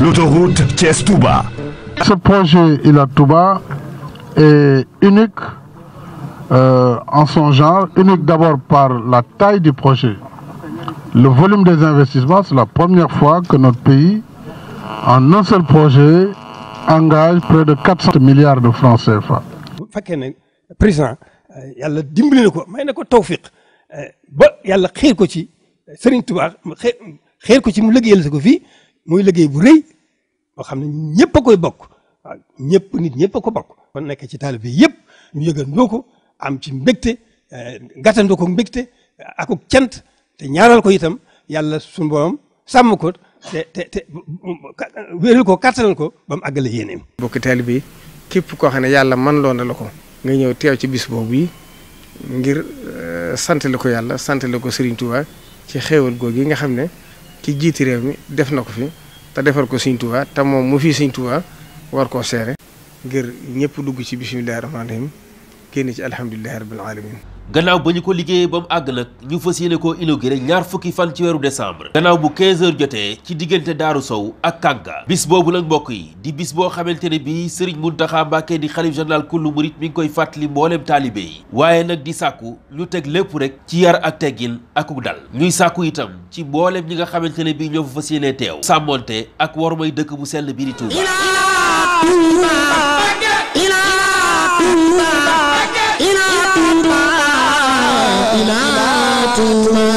L'autoroute Thiès-Touba. Ce projet Ila-Touba est unique euh, en son genre, unique d'abord par la taille du projet. Le volume des investissements, c'est la première fois que notre pays, en un seul projet, engage près de 400 milliards de francs CFA. président y a le ko Il y Touba ko ci muy liggéey bu rëy boo xam ne ñëpp koy bokk ñépp nit ñëpp ko bokk kon nekk ci taalibe yëpp ñu yëgandoo ko am ci mbégte eh, gàttandoo ko mbégte eh, akuk cant te ñaaral ko itam yàlla suñu sàmm ko te te wéeral ko kàttanal ko ba mu àggale yéeneem. bokki taalibe képp koo xam ne yàlla man loo na la ko nga ñëw teew ci bis boobu yi ngir eh, sant la ko yàlla sant la ko Serigne Touba ci xéewal googu yi nga xam ne. ci jiiti réew mi def na ko fi te defar ko Sëriñ Tuubaa te moom mu fii Sëriñ Tuubaa war ko seere ngir ñëpp dugg ci bismillahi rahmaani rahim génn ci alhamdulillahi rabbil alamin gannaaw ba ñu ko liggéeyee ba mu àgg nag ñu fas yéene koo inauguré ñaar fukki fan ci weeru décembre gannaaw bu 15 heures jotee ci diggante Daaru Sow ak Kànka bis boobu nag mbokk yi di bis boo xamante ne bii Serigne Mountakha Mbacké di xalif général kullu murit mi ngi koy fàttali mbooleem taalibe yi waaye nag di sàkku ñu teg lépp rek ci yar ak teggin akuk dal ñuy sàkku itam ci mbooleem ñi nga xamante ne bii ñoo fa fas yéene teew sàmmonte ak warmay dëkk bu sell bi di Touba to my